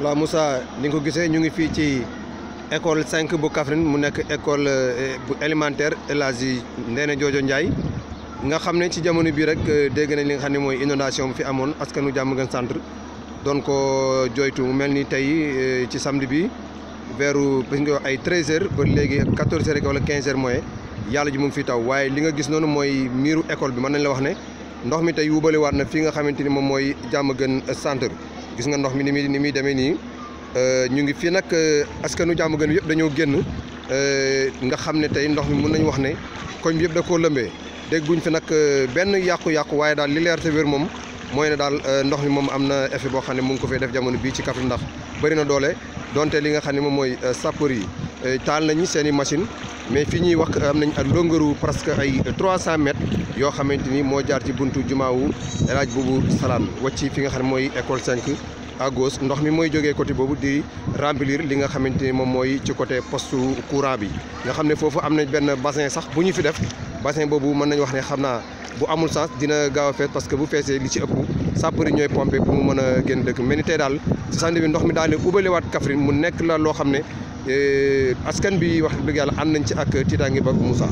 voilà Moussa ni nga ko gisee ñu ngi fii ci école 5 bu Kaffrine mu nekk école bu élémentaire El Hadji Ndéné Jojo Ndiaye nga xam ne ci jamono bii rek dégg nañ li nga xam ne mooy inondation fi amoon askanu Diamaguène Centre doon ko joytu mu mel ni tey ci samedi bi veeru bis nga ay 13h ba léegi 14h rek wala 15h mooy yàlla ji mu ngi fi taw waaye li nga gis noonu mooy miiru école bi mën nañ la wax ne ndox mi tey wubale waat na fii nga xamante ni moom mooy Diamaguène Centre. gis nga ndox mi ni muy ni muy demee nii euh, ñu ngi fii nag euh, askanu jàmm gën yëpp dañoo génn euh, nga xam ne tey ndox mi mun nañu wax ne koñ bi yëpp da koo lëmbee dégguñ fi nag benn yàqu-yàqu waaye daal li leerte te wér moom mooy ne daal ndox mi moom am na effet boo xam ne mu ngi ko fay def jamono bii ci Kaffrine ndax bëri na doole donte li nga xam ne moom mooy sapeur yi taal nañu seen i machine mais fi ñuy wax am nañ ak longueur wu presque ay 300 mètres yoo xamante ni moo jaar ci buntu jumaawu El boobu Boubou Salam wàcc fi nga xam ne mooy école 5 à ndox mi mooy jógee côté boobu di remplir li nga xamante ni moom mooy ci côté poste courant bi nga xam ne foofu am nañ benn bassin sax bu ñu fi def bassin boobu mën nañu wax ne xam naa bu amul sens dina gaaw a fees parce que bu feesee li ci ëpp sàppari ñooy pompé bu mu mën a génn dëkk mel ni tey daal ci bi ndox mi daal di ubaliwaat Kaffrine mu nekk la loo xam ne Eh, askan bi wax dëgg yàlla ànd nañ ci ak tiitaange ba Moussa